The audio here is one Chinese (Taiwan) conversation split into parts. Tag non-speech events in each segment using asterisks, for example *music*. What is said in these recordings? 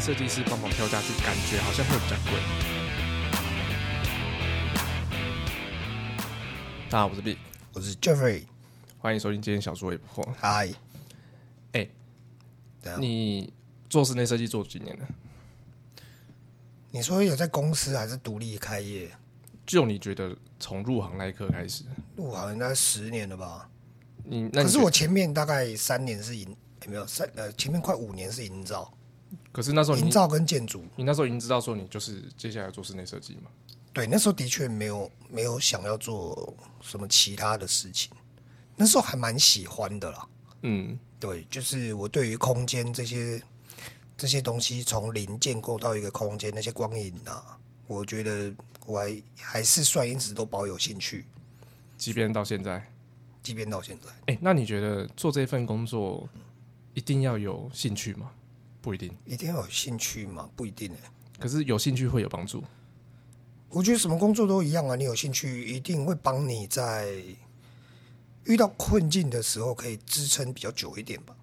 設計師幫忙挑家具，感覺好像會比較貴。大家好，我是 B，我是 Jeffrey，歡迎收聽《今天小說也不破》。Hi，、欸、你做室內設計做幾年了？你說有在公司還是獨立開業？就你覺得從入行那一刻開始，入行應該十年了吧？嗯，那你，可是我前面大概三年是營，欸、沒有三呃，前面快五年是營造。可是那時候，營造跟建築，你那時候已經知道說你就是接下來做室內設計嘛？對，那時候的確沒有沒有想要做什麼其他的事情。那時候還蠻喜歡的啦。嗯，對，就是我對於空間這些這些東西，從零建構到一個空間，那些光影啊，我覺得我還還是算一直都保有興趣，即便到現在，即便到現在。哎、欸，那你覺得做這份工作一定要有興趣嗎？不一定，一定要有興趣嘛？不一定。可是有興趣會有幫助。我覺得什麼工作都一樣啊，你有興趣一定會幫你在遇到困境的時候可以支撐比較久一點吧。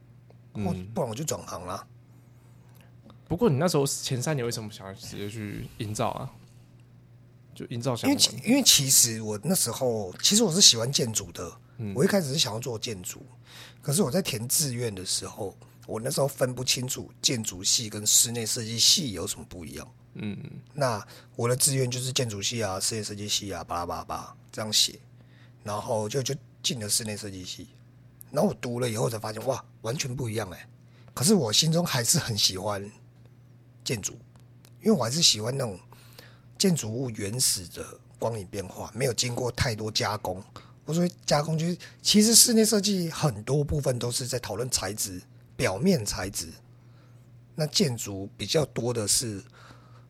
嗯，不然我就轉行啦。不過你那時候前三年為什麼想要直接去營造啊？就營造想，因為因為其實我那時候其實我是喜歡建築的、嗯，我一開始是想要做建築，可是我在填志願的時候。我那時候分不清楚建築系跟室內設計系有什麼不一樣。嗯，嗯，那我的志願就是建築系啊，室內設計系啊，巴拉巴拉巴，這樣寫，然後就就進了室內設計系。然後我讀了以後才發現，哇，完全不一樣欸！可是我心中還是很喜歡建築，因為我還是喜歡那種建築物原始的光影變化，沒有經過太多加工。我說加工就是，其實室內設計很多部分都是在討論材質。表面材質，那建築比較多的是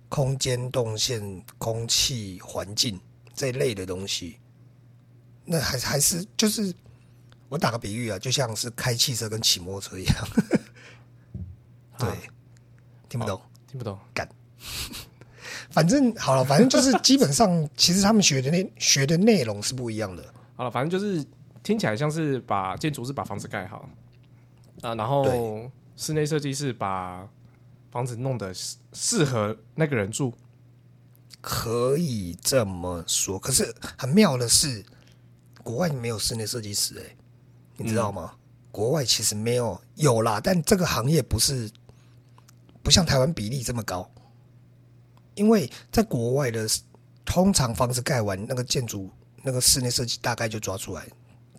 空間、動線、空氣、環境這一類的東西。那還還是就是，我打個比喻啊，就像是開汽車跟騎摩托車一樣、 *laughs* 啊。對，聽不懂，哦、聽不懂，幹。反正好了，反正就是基本上，其實他們學的內 *laughs* 學的內容是不一樣的。好了，反正就是聽起來像是把建築是把房子蓋好。啊、然後室內設計師把房子弄得適合那個人住，可以這麼說。可是很妙的是，國外沒有室內設計師誒、欸，你知道嗎？嗯、國外其實沒有，有啦，但這個行業不是不像台灣比例這麼高，因為在國外的通常房子蓋完，那個建築，那個室內設計大概就抓出來，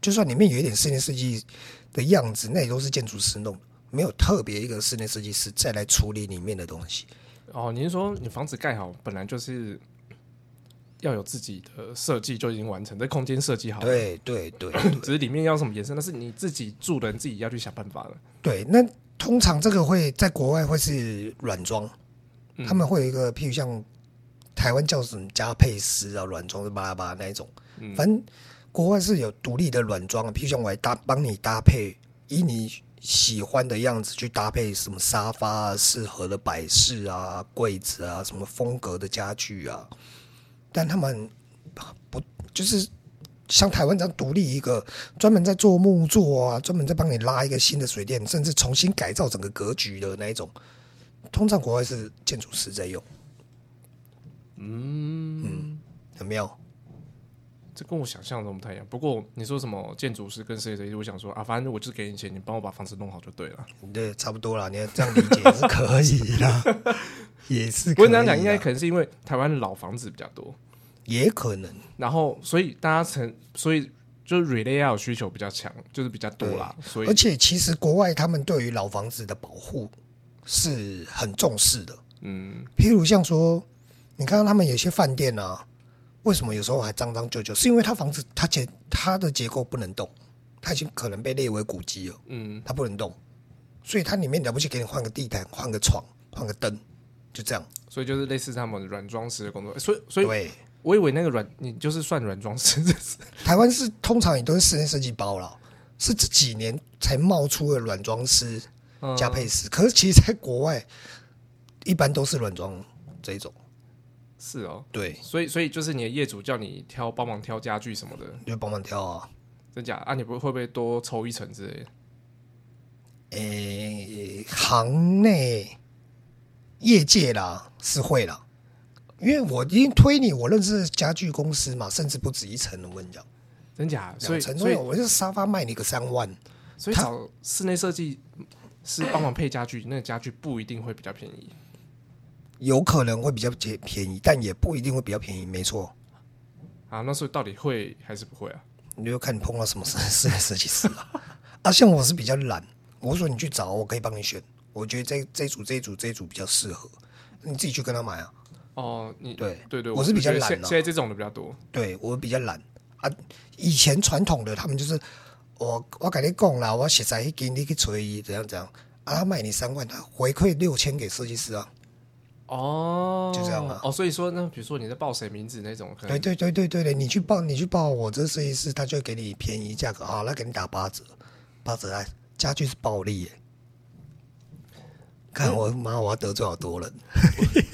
就算裡面有一點室內設計。的樣子，那也都是建築師弄，沒有特別一個室內設計師再來處理裡面的東西。哦，你說你房子蓋好本來就是要有自己的設計就已經完成，這空間設計好了，對對對，對，只是裡面要什麼顏色，那是你自己住的人自己要去想辦法了。對，那通常這個會在國外會是軟裝，他們會有一個，嗯、譬如像台灣叫什麼加配斯啊，軟裝是巴拉巴拉那一種，嗯、反正。國外是有獨立的軟裝，比如說我搭，我搭幫你搭配，以你喜歡的樣子去搭配什麼沙發啊、適合的擺飾啊、櫃子啊、什麼風格的家具啊。但他們不就是像台灣這樣獨立一個專門在做木作啊，專門在幫你拉一個新的水電，甚至重新改造整個格局的那一種。通常國外是建築師在用。嗯嗯，有沒有？這跟我想象的不太一樣。不過你說什麼建築師跟誰計我想說啊，反正我就是給你錢，你幫我把房子弄好就對了。對，差不多了，你要這樣理解是可以的， *laughs* 也是。我跟你講應該可能是因為台灣的老房子比較多，也可能。然後，所以大家成，所以就是 relayout 需求比較強，就是比較多啦、嗯。所以，而且其實國外他們對於老房子的保護是很重視的。嗯，譬如像說，你看到他們有些飯店啊。為什麼有時候還髒髒舊舊？是因為它房子它結它的結構不能動，它已經可能被列為古蹟了，嗯，它不能動，所以它裡面了不起給你換個地毯、換個床、換個燈，就這樣。所以就是類似他們軟裝師的工作。所以所以對，我以為那個軟你就是算軟裝師。 *laughs* 台灣是通常也都是室內設計包了，是這幾年才冒出了軟裝師加配飾、嗯。可是其實在國外，一般都是軟裝這種。是哦，對，所以所以就是你的業主叫你挑幫忙挑家具什麼的，就幫忙挑啊，真假啊？你不會不會多抽一層之類的？誒、欸，行內業界啦是會啦。因為我已經推你，我認識家具公司嘛，甚至不止一層，我跟你講，真假？兩層都有，所以，所以我就沙發賣你個三萬，所以找室內設計是幫忙配家具， *coughs* 那個家具不一定會比較便宜。有可能會比較便宜，但也不一定會比較便宜。沒錯，啊，那是到底會還是不會啊？你就看你碰到什麼設設設計師了啊。啊，像我是比較懶，我說你去找，我可以幫你選。我覺得這這一組、這一組、這一組比較適合，你自己去跟他買啊。哦，你對，對對對，我是比較懶。現在這種的比較多。對我比較懶啊。以前傳統的他們就是我跟你說啦，我感覺功勞我現在那你去盡力去催，怎樣怎樣啊，他買啊，賣你三萬，回饋六千給設計師啊。哦、oh,，就這樣啊！哦，所以說，呢，比如說你在報誰名字那種，哎，對對對對對,對，你去報你去報我這設計師，他就會給你便宜價格。好、啊，那給你打八折，八折啊，家具是暴利耶，嗯、看我媽，我要得罪好多人。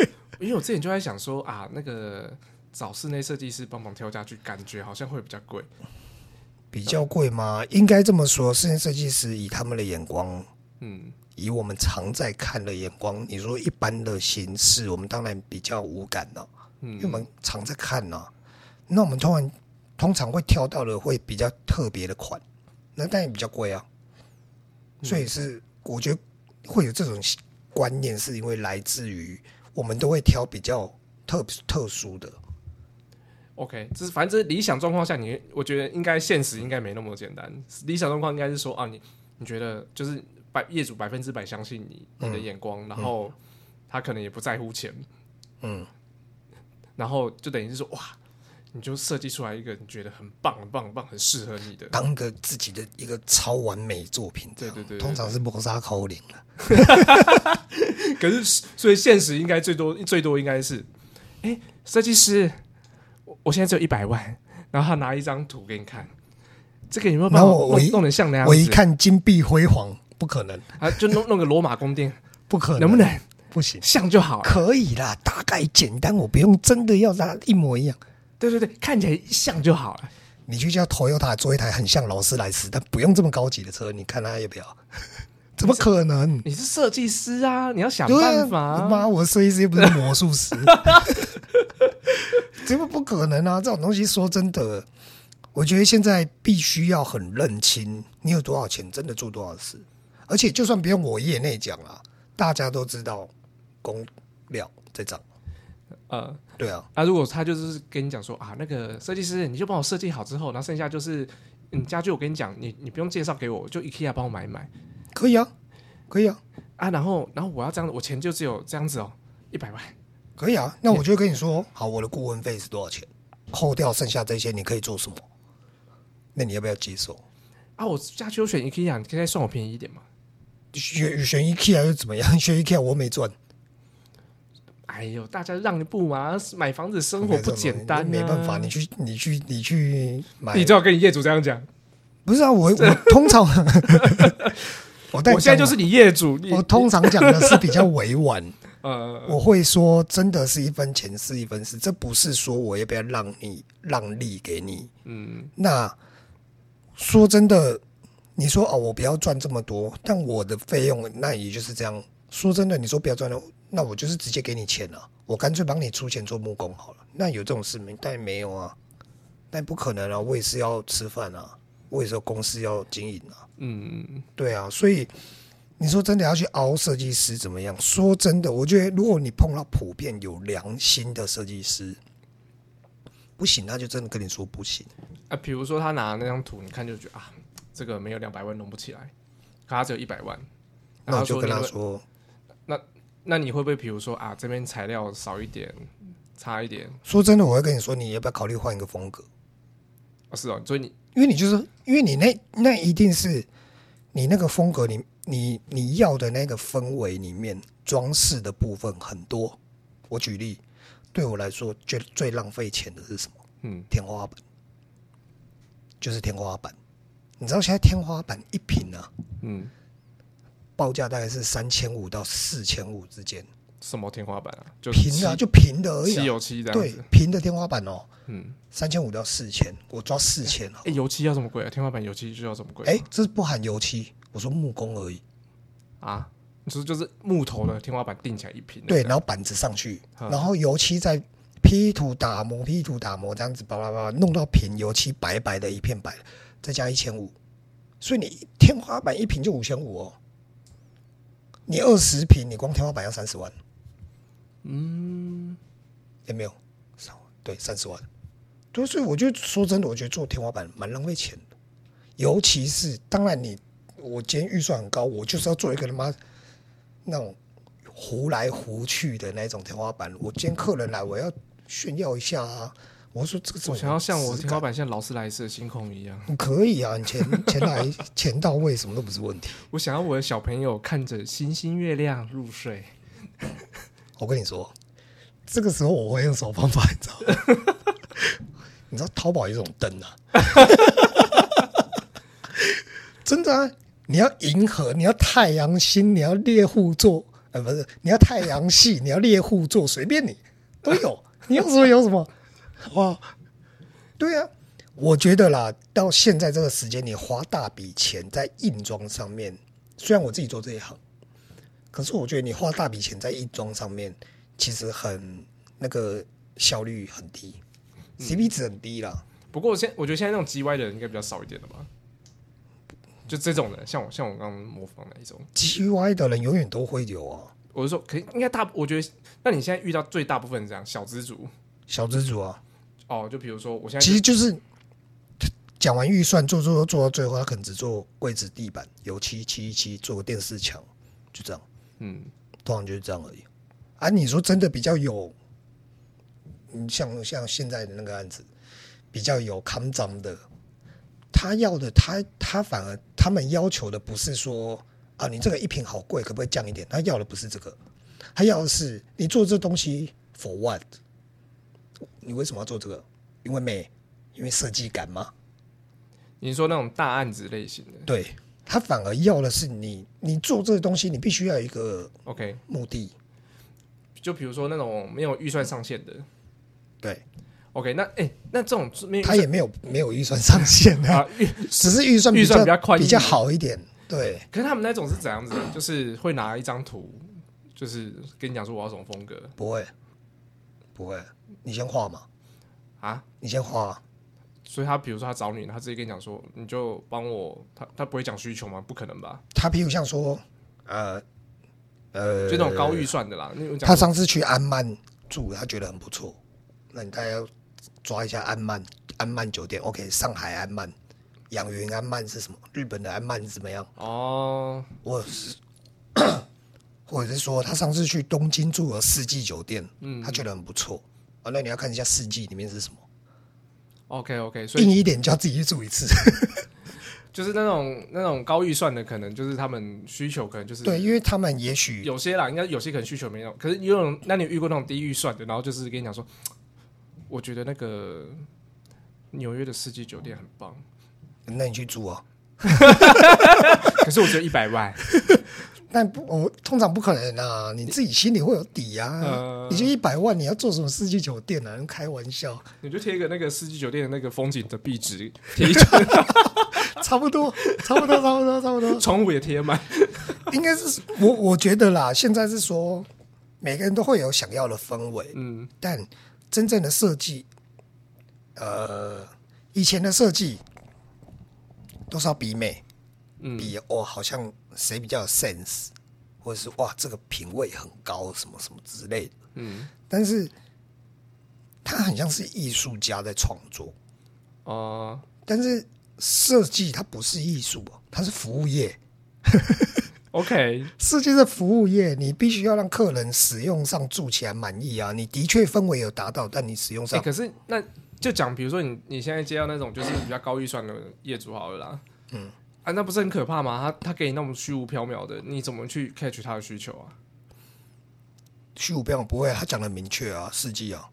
嗯、 *laughs* 因為我之前就在想說啊，那個找室內設計師幫忙挑家具，感覺好像會比較貴。比較貴嗎？嗯、應該這麼說，室內設計師以他們的眼光。嗯，以我們常在看的眼光，你說一般的形式，我們當然比較無感了，啊。嗯，因為我們常在看呢，啊，那我們通常通常會挑到的會比較特別的款，那但也比較貴啊。所以是我覺得會有這種觀念，是因為來自於我們都會挑比較特特殊的。OK，這是反正這是理想狀況下你，你我覺得應該現實應該沒那麼簡單。理想狀況應該是說啊，你你覺得就是。百業主百分之百相信你,你的眼光、嗯，然後他可能也不在乎錢，嗯，然後就等於是說哇，你就設計出來一個你覺得很棒、很棒、很棒、很適合你的，當個自己的一個超完美作品，對對對，通常是磨砂口令了。 *laughs* *laughs* 可是，所以現實應該最多最多應該是，誒，設計師，我現在只有一百萬，然後他拿一張圖給你看，這個有沒有把我弄弄像那樣子？我一看金碧輝煌。不可能啊！就弄弄個羅馬宮殿， *laughs* 不可能，能不能，不行，像就好，可以啦。大概簡單，我不用真的要讓它一模一樣。對對對，看起來像就好了。你去叫 Toyota 做一台很像勞斯萊斯，但不用這麼高級的車，你看他要不要？ *laughs* 怎麼可能？你是設計師啊，你要想辦法、啊。媽、啊，我設計師又不是魔術師，怎 *laughs* 麼 *laughs* 不，不可能啊！這種東西，說真的，我覺得現在必須要很認清，你有多少錢，真的做多少事。而且就算不用我業內講了、啊，大家都知道，工料在漲，呃，對啊，那、啊、如果他就是跟你講說啊，那個設計師你就幫我設計好之後，那剩下就是嗯，家具，我跟你講，你你不用介紹給我，就 IKEA 幫我買一買，可以啊，可以啊，啊，然後然後我要這樣子，我錢就只有這樣子哦，一百萬，可以啊，那我就跟你說，好，我的顧問費是多少錢，扣掉剩下這些你可以做什麼，那你要不要接受？啊，我家具就選 IKEA，你可以再算我便宜一點嗎？選選一 k 還是怎麼樣？選一 k 我沒賺。哎呦，大家讓一步嘛、啊！買房子生活不簡單、啊，沒辦法。你去，你去，你去買。你最好跟你業主這樣講。不是啊，我我、啊、通常 *laughs* *laughs* 我我現在就是你業主。我通常講的是比較委婉。呃、 *laughs* 嗯，我會說，真的是一分錢是一分事，這不是說我要不要讓你讓利給你。嗯，那說真的。你說哦、啊，我不要賺這麼多，但我的費用那也就是這樣。說真的，你說不要賺了，那我就是直接給你錢了、啊，我乾脆幫你出錢做木工好了。那有這種事？但沒有啊，但不可能啊！我也是要吃飯啊，我也是公司要經營啊。嗯，對啊，所以你說真的要去凹設計師怎麼樣？說真的，我覺得如果你碰到普遍有良心的設計師，不行，那就真的跟你說不行啊。比如說他拿那張圖，你看就覺得啊。這個沒有兩百萬弄不起來，他只有一百萬那。那我就跟他說，那那你會不會比如說啊，這邊材料少一點，差一點？說真的，我會跟你說，你要不要考慮換一個風格？哦，是哦，所以你因為你就是因為你那那一定是你那個風格，你你你要的那個氛圍裡面裝飾的部分很多。我舉例，對我來說，最最浪費錢的是什麼？嗯，天花板，就是天花板。你知道現在天花板一平啊，嗯，報價大概是三千五到四千五之間。什麼天花板啊？就平的、啊，就平的而已、啊，漆油漆的。對，平的天花板哦，嗯，三千五到四千，我抓四千。哎、欸欸，油漆要這麼貴啊？天花板油漆就要這麼貴、啊？哎、欸，這是不含油漆，我說木工而已啊。你就是木頭的天花板，定起來一平，對，然後板子上去，然後油漆在 P 圖打磨,、嗯、磨，P 圖打磨這樣子，叭叭叭弄到平，油漆白白的一片白。再加一千五，所以你天花板一坪就五千五哦。你二十坪，你光天花板要三十萬。嗯，也沒有？少對三十萬。對，所以我就說真的，我覺得做天花板蠻浪費錢的，尤其是，當然你，我今天預算很高，我就是要做一個他媽那那種胡來胡去的那種天花板。我今天客人來，我要炫耀一下啊。我說這個這，想要像我像天花板像勞斯萊斯的星空一樣，你可以啊，錢錢來錢 *laughs* 到位，什麼都不是問題。我想要我的小朋友看着星星月亮入睡。 *laughs* 我跟你說，這個時候我會用什麼方法？你知道？ *laughs* 你知道淘寶有一種燈啊？ *laughs* 真的啊！你要銀河，你要太陽星，你要獵戶座，呃、不是，你要太陽系 *laughs* 你獵戶你、啊，你要獵戶座，隨便你都有，你要什麼有什麼。哇，對啊，我覺得啦，到現在這個時間，你花大筆錢在硬裝上面，雖然我自己做這一行，可是我覺得你花大筆錢在硬裝上面，其實很那個效率很低，嗯，CP 值很低啦。不過我現我覺得現在那種 GY 的人應該比較少一點的吧？就這種的，像我像我剛模仿的那一種 GY 的人，永遠都會有啊。我就說，可應該大，我覺得那你現在遇到最大部分這樣小資族，小資族啊。哦、oh，就比如說我現在其實就是他講完預算做，做做做到最後，他可能只做櫃子、地板、油漆、漆一漆，做個電視牆，就這樣。嗯，通常就是這樣而已。啊，你說真的比較有，嗯，像像現在的那個案子比較有誇張的，他要的他他反而他們要求的不是說啊，你這個一坪好貴，可不可以降一點？他要的不是這個，他要的是你做這東西 for what。你為什麼要做這個？因為美，因為設計感嗎？你說那種大案子類型的，對，他反而要的是你，你做這個東西，你必須要有一個 OK 目的。Okay. 就比如說那種沒有預算上限的，對，OK 那。那、欸、哎，那這種他也沒有沒有預算上限啊，嗯、 *laughs* 只是預算預算比較快比,比較好一點。對，可是他們那種是怎樣子？就是會拿一張圖，就是跟你講說我要什麼風格，不會，不會。你先畫嘛，啊，你先畫，所以他比如說他找你，他直接跟你講說，你就幫我，他他不會講需求嗎？不可能吧？他比如像說，呃呃，就那種高預算的啦、呃。他上次去安曼住，他覺得很不錯，那你大概要抓一下安曼安曼酒店，OK，上海安曼，養雲安曼是什麼？日本的安曼是怎麼樣？哦，我是。或者 *coughs* 是說，他上次去東京住個四季酒店、嗯，他覺得很不錯。哦，那你要看一下四季裡面是什麼？OK OK，所以硬一點就要自己去住一次， *laughs* 就是那種那種高預算的，可能就是他們需求，可能就是對，因為他們也許有些啦，應該有些可能需求沒有，可是你有，那你遇過那種低預算的，然後就是跟你講說，我覺得那個紐約的四季酒店很棒，那你去住啊？ *laughs* *laughs* 可是我只有一百萬。 *laughs* 但不，我通常不可能啊！你自己心裡會有底啊！呃、你就一百萬，你要做什麼四季酒店啊？你開玩笑？你就貼個那個四季酒店的那個風景的壁紙，貼一下 *laughs* *laughs* 差不多，差不多，差不多，差不多，窗戶也貼滿。 *laughs* 應該是我，我覺得啦，現在是說每個人都會有想要的氛圍，嗯，但真正的設計，呃，以前的設計多少比美。比哇、哦，好像誰比較有 sense，或者是哇，這個品味很高，什麼什麼之類的。嗯，但是它很像是藝術家在創作哦、嗯，但是設計它不是藝術哦，它是服務業。 *laughs* OK，設計是服務業，你必須要讓客人使用上住起來滿意啊。你的確氛圍有達到，但你使用上，欸、可是那就講，比如說你你現在接到那種就是比較高預算的業主好了啦，嗯。啊，那不是很可怕嗎？他他給你那種虛無縹緲的，你怎麼去 catch 他的需求啊？虛無縹緲不會啊，他講得很明確啊，實際啊。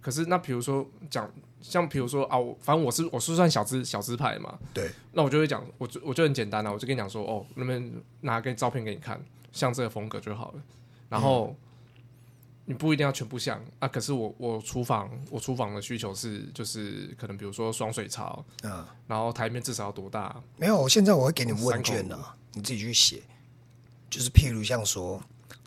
可是那比如說講，像比如說啊，我反正我是我是算小資小資派嘛。對。那我就會講，我就我就很簡單啊，我就跟你講說，哦，那邊拿個照片給你看，像這個風格就好了，然後。嗯你不一定要全部想啊，可是我我廚房我廚房的需求是就是可能比如說雙水槽嗯、啊，然後台面至少要多大？沒有，我現在我會給你問卷的，啊，你自己去寫。就是譬如像說，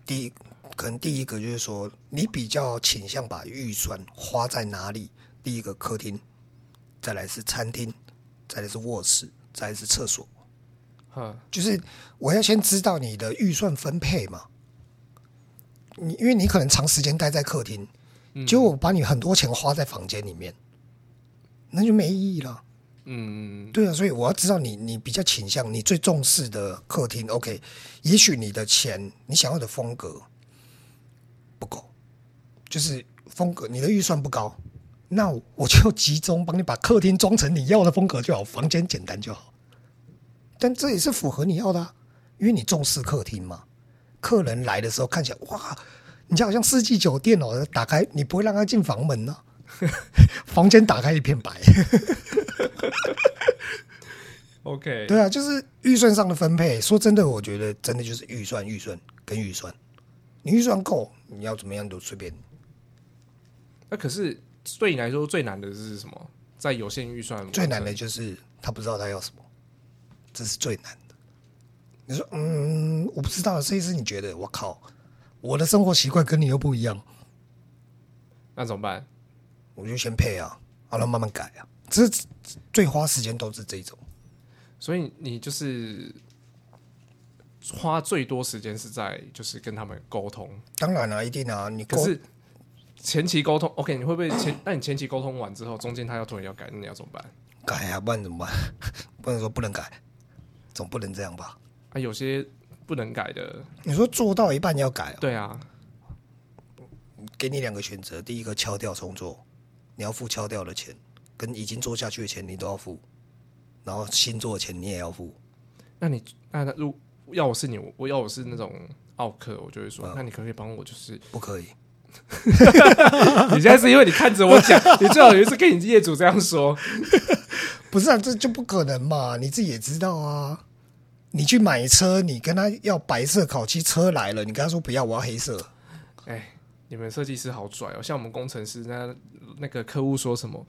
第一可能第一個就是說，你比較傾向把預算花在哪裡？第一個客廳，再來是餐廳，再來是臥室，再來是廁所。哈、啊，就是我要先知道你的預算分配嘛。你因為你可能長時間待在客廳，就我把你很多錢花在房間裡面，那就沒意義了。嗯，對啊，所以我要知道你，你比較傾向你最重視的客廳。OK，也許你的錢，你想要的風格不夠，就是風格，你的預算不高，那我就集中幫你把客廳裝成你要的風格就好，房間簡單就好。但這也是符合你要的啊，因為你重視客廳嘛。客人來的時候看起來哇，你家好像四季酒店哦，打開，你不會讓他進房門呢、啊， *laughs* 房間打開一片白。 *laughs* OK，對啊，就是預算上的分配。說真的，我覺得真的就是預算、預算跟預算。你預算夠，你要怎麼樣都隨便。那、啊、可是對你來說最難的是什麼？在有限預算，最難的就是他不知道他要什麼，這是最難。你說嗯，我不知道，所以是你覺得我靠，我的生活習慣跟你又不一樣，那怎麼辦？我就先配啊，好了，慢慢改啊。這最花時間都是這種，所以你就是花最多時間是在就是跟他們溝通。當然了、啊，一定啊，你可是前期溝通 OK？你會不會前？那 *coughs* 你前期溝通完之後，中間他要突然要改，那你要怎麼辦？改呀、啊，不然怎麼辦？ *laughs* 不能說不能改，總不能這樣吧？有些不能改的，你說做到一半要改。喔，對啊，給你兩個選擇，第一個敲掉重做，你要付敲掉的錢跟已經做下去的錢，你都要付，然後新做的錢你也要付。那你那那如果要我是你，我要我是那種奧克，我就會說，那你可不可以幫我？就是不可以。 *laughs* *laughs* 你現在是因為你看着我講， *laughs* 你最好有一次跟你業主這樣說， *laughs* 不是啊，這就不可能嘛，你自己也知道啊。你去買車，你跟他要白色烤漆車來了，你跟他說不要，我要黑色。哎、欸，你們設計師好拽哦！像我們工程師那，那那個客戶說什麼，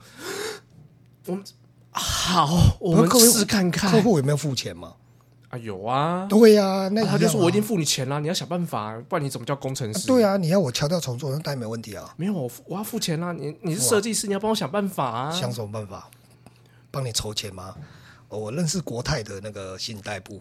我們、啊、好，我們試看看客戶有沒有付錢嘛？啊，有啊，對啊。那啊他就說：“我一定付你錢啦、啊，你要想辦法、啊，不然你怎麼叫工程師？”啊對啊，你要我敲掉重做，那當然沒問題啊。沒有，我我要付錢啦、啊。你你是設計師，你要幫我想辦法、啊。想什麼辦法？幫你籌錢嗎？我認識國泰的那個信貸部，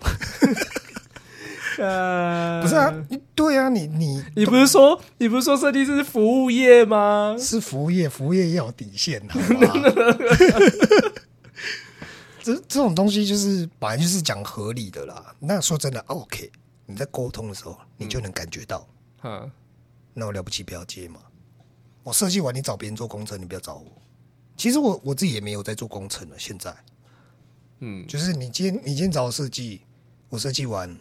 呃，不是啊，對啊，你你你不是說你不是說設計師是服務業嗎？是服務業，服務業也有底線，好吧？ *laughs* *laughs* *laughs* 這這種東西就是本來就是講合理的啦。那說真的，OK，你在溝通的時候、嗯，你就能感覺到、嗯，那我了不起不要接嘛。我設計完，你找別人做工程，你不要找我。其實我我自己也沒有在做工程了，現在。嗯，就是你今天你今天找我設計，我設計完，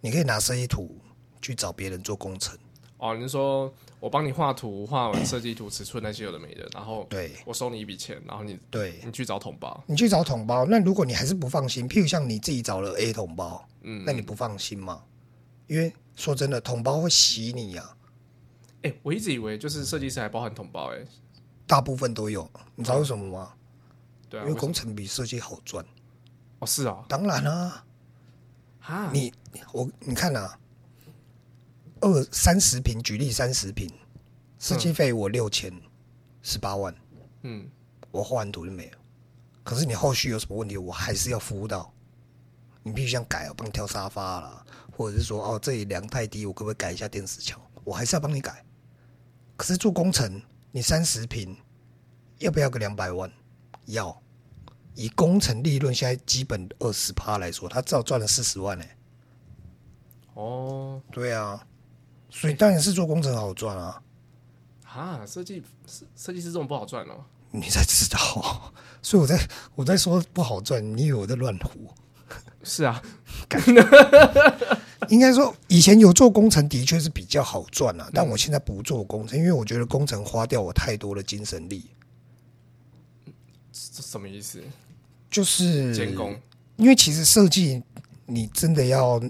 你可以拿設計圖去找別人做工程。哦，你說我幫你畫圖，畫完設計圖尺寸那些有的沒的，然後對我收你一筆錢，然後你對你去找統包，你去找統包。那如果你還是不放心，譬如像你自己找了 A 統包，嗯，那你不放心嗎？因為說真的，統包會洗你啊。誒、欸，我一直以為就是設計師還包含統包誒、欸，大部分都有，你知道為什麼嗎？對，對啊、因為工程比設計好賺。哦，是啊、哦，當然啦、啊嗯，你我你看啊，二三十坪，舉例三十坪，設計費我六千，十八萬，嗯，我畫完圖就沒有。可是你後續有什麼問題，我還是要服務到。你必須想改，我幫你挑沙發了，或者是說哦，這裡梁太低，我可不可以改一下電視牆？我還是要幫你改。可是做工程，你三十坪，要不要個兩百萬？要。以工程利潤現在基本二十趴來說，他至少賺了四十萬呢、欸。哦、oh.，對啊，所以當然是做工程好賺啊。啊，設計設計師這種不好賺哦、喔。你才知道，所以我在我在說不好賺，你以為我在亂胡？是啊， *laughs* 應該說以前有做工程的確是比較好賺啊、嗯，但我現在不做工程，因為我覺得工程花掉我太多的精神力。這什麼意思？就是因為其實設計你真的要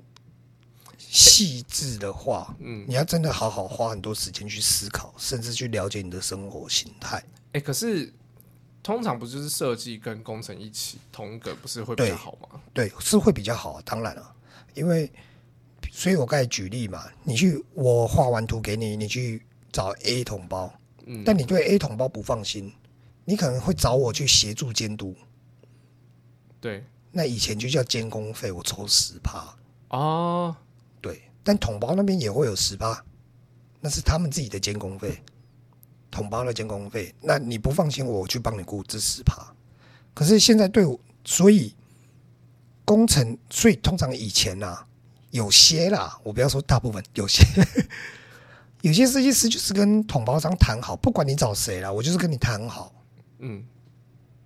細緻的話，嗯，你要真的好好花很多時間去思考，甚至去了解你的生活形態。哎，可是通常不就是設計跟工程一起同一個，不是會比較好嗎？對，對，是會比較好啊，當然了啊，因為所以我剛才舉例嘛，你去我畫完圖給你，你去找 A 同胞，嗯，但你對 A 同胞不放心，你可能會找我去協助監督。對，那以前就叫監工費，我抽十趴哦。Oh. 對，但統包那邊也會有十趴，那是他們自己的監工費，統包的監工費。那你不放心，我去幫你估這十趴。可是現在對我，所以工程，所以通常以前啊，有些啦，我不要說大部分，有些 *laughs* 有些設計師就是跟統包商談好，不管你找誰啦，我就是跟你談好。嗯，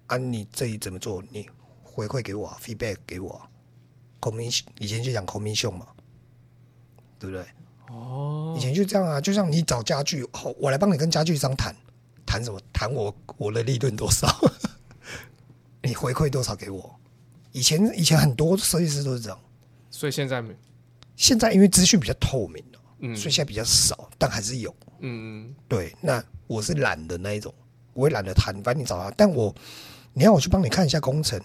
啊，你這裡怎麼做？你。回饋給我、啊、，feedback 給我、啊、，，commission 以前就講 commission 嘛，對不對？哦，以前就這樣啊，就像你找家具，哦、我來幫你跟家具商談，談什麼？談我我的利潤多少？ *laughs* 你回饋多少給我？以前以前很多設計師都是這樣，所以現在沒，現在因為資訊比較透明了、啊，嗯，所以現在比較少，但還是有，嗯,嗯，對。那我是懶的那一種，我也懶得談，反正你找他，但我你要我去幫你看一下工程。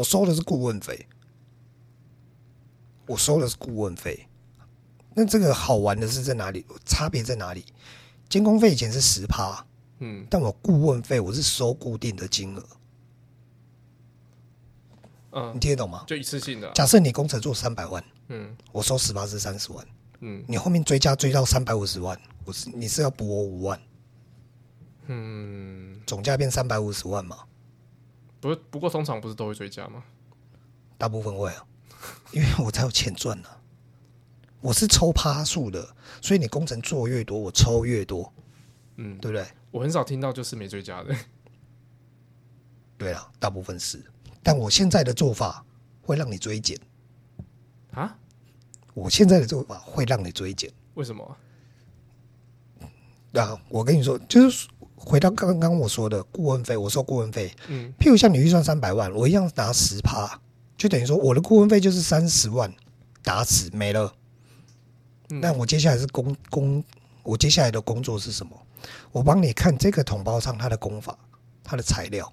我收的是顧問費，我收的是顧問費。那這個好玩的是在哪裡？差別在哪裡？監工費以前是十趴，嗯，但我顧問費我是收固定的金額，嗯，你聽得懂嗎？就一次性的啊。假設你工程做三百萬，嗯，我收十趴是三十萬，嗯，你後面追加追到三百五十萬，我是你是要補我五萬，嗯，總價變三百五十萬嘛。不，不過通常不是都會追加嗎？大部分會啊，因為我才有錢賺呢、啊。我是抽趴數的，所以你工程做越多，我抽越多。嗯，對不對？我很少聽到就是沒追加的。對啊，大部分是，但我現在的做法會讓你追減。啊？我現在的做法會讓你追減？為什麼？那、啊、我跟你說，就是。回到剛剛我說的，顧問費我說顧問費，嗯，譬如像你預算三百萬，我一樣拿十趴，就等於說我的顧問費就是三十萬，打死沒了。那、嗯、我接下來是工工，我接下來的工作是什麼？我幫你看這個統包商它的工法，它的材料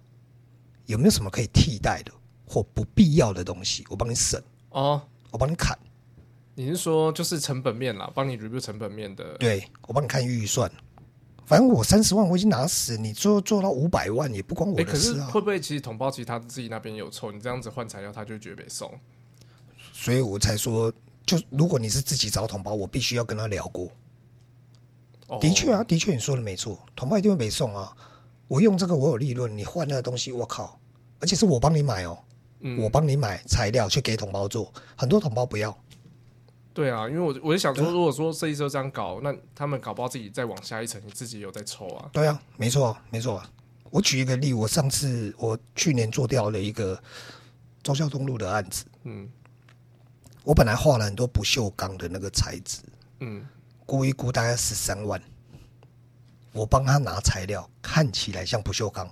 有沒有什麼可以替代的或不必要的東西？我幫你省哦，我幫你砍。你是說就是成本面啦，幫你 review 成本面的？對，我幫你看預算。反正我三十萬我已經拿死，你做做到五百萬也不關我的事啊。欸、會不會其實統包其實他自己那邊有錯，你這樣子換材料他就覺得沒送，所以我才說，就如果你是自己找統包，我必須要跟他聊過。哦、的確啊，的確你說的沒錯，統包一定會沒送啊。我用這個我有利潤，你換那個東西，我靠！而且是我幫你買哦、喔嗯，我幫你買材料去給統包做，很多統包不要。對啊，因為我我就想說，如果說設計師這樣搞、啊，那他們搞不好自己再往下一層，你自己有在抽啊。對啊，沒錯沒錯。我舉一個例，我上次我去年做掉了一個忠孝東路的案子，嗯，我本來畫了很多不鏽鋼的那個材質，嗯，估一估大概十三萬，我幫他拿材料，看起來像不鏽鋼，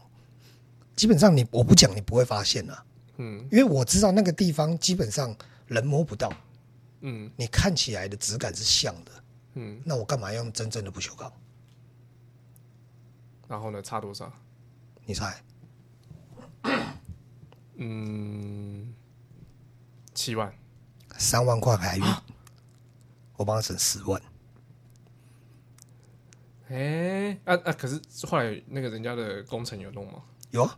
基本上你我不講你不會發現啊，嗯，因為我知道那個地方基本上人摸不到。嗯，你看起來的質感是像的，嗯，那我幹嘛要用真正的不鏽鋼？然後呢，差多少？你猜？嗯，七萬，三萬塊還有我幫他省十萬。哎、欸，啊啊！可是後來那個人家的工程有弄嗎？有啊，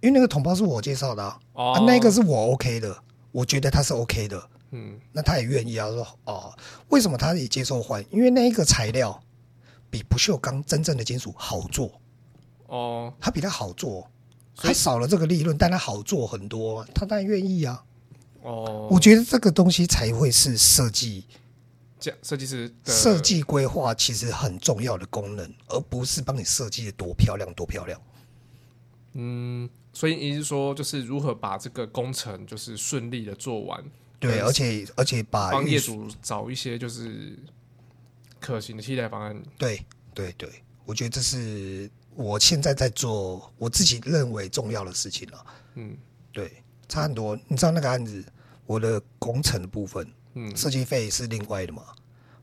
因為那個統包是我介紹的啊，哦、啊那個是我 OK 的，我覺得他是 OK 的。嗯，那他也願意啊，就是、說哦，為什麼他也接受換？因為那一個材料比不鏽鋼真正的金屬好做哦，它比它好做所以，還少了這個利潤，但它好做很多，他當然願意啊。哦，我覺得這個東西才會是設計，設計師設計規劃其實很重要的功能，而不是幫你設計的多漂亮多漂亮。嗯，所以你是說，就是如何把這個工程就是順利的做完？對，而且而且把幫業主找一些就是可行的替代方案。對對對，我覺得這是我現在在做我自己認為重要的事情了。嗯，對，差很多。你知道那個案子，我的工程的部分，嗯，設計費是另外的嘛。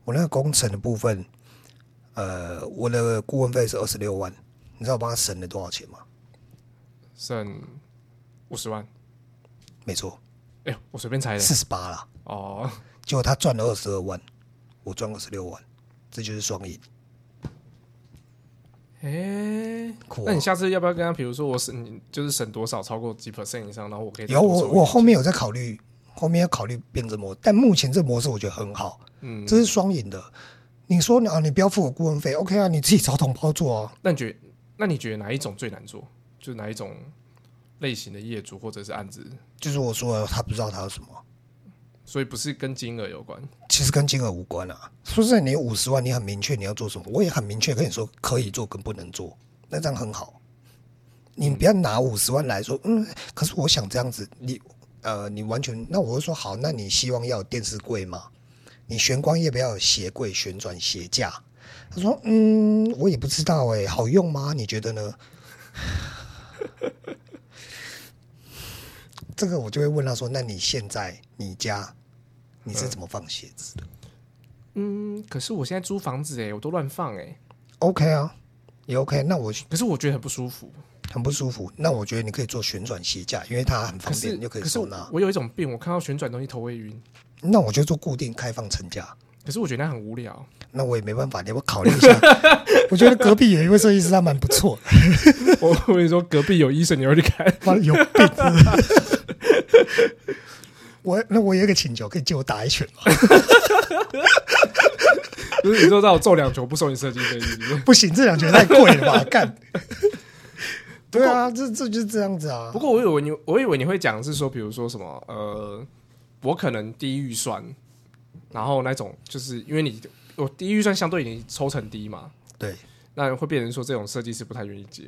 我那個工程的部分，呃，我的顧問費是二十六萬。你知道我幫他省了多少錢嗎？省五十萬。沒錯。哎，呦，我隨便猜的，欸，四十八啦。哦，結果他賺了二十二萬，我賺了二十六萬，這就是雙贏。哎，欸啊，那你下次要不要跟他？比如說我省，你就是省多少，超過幾 percent 以上，然後我可以有我我後面有在考慮，後面要考慮變這模，但目前這模式我覺得很好，嗯，這是雙贏的。你說你啊，你不要付我顧問費，OK 啊？你自己找統包做啊？那你覺得，那你覺得哪一種最難做？就是哪一種類型的業主或者是案子？就是我說他不知道他要什麼，所以不是跟金額有關，其實跟金額無關啊。說是你五十萬，你很明確你要做什麼，我也很明確跟你說可以做跟不能做，那這樣很好。你不要拿五十萬來說，嗯，可是我想這樣子，你呃，你完全那我會說好，那你希望要有電視櫃嗎？你玄關要不要有鞋櫃、旋轉鞋架？他說嗯，我也不知道哎、欸，好用嗎？你覺得呢？ *laughs* 這個我就會問他說：“那你現在你家你是怎麼放鞋子的？”嗯，可是我現在租房子哎、欸，我都亂放哎、欸。OK 啊，也 OK、嗯。那我可是我覺得很不舒服，很不舒服。那我覺得你可以做旋轉鞋架，因為它很方便，又可,可以手拿。我有一種病，我看到旋轉東西頭會暈。那我就做固定開放層架。可是我覺得那很無聊。那我也沒辦法，你要,不要考慮一下。 *laughs* 我覺得隔壁有一位設計師他蠻不錯。我我跟你說，隔壁有醫生你要去看？ *laughs* 有病 *laughs* 我那我有一個請求，可以借我打一拳嗎？ *laughs* *laughs* 就是，你說讓我揍兩球，不收你設計費，就是、 *laughs* 不行，這兩球太貴了吧？幹！ *laughs* 對啊，這這就是這樣子啊。不過我以為你，我以為你會講是說，比如說什麼呃，我可能低預算，然後那種就是因為你我低預算相對你抽成低嘛對，對，那會變成說這種設計師不太願意接。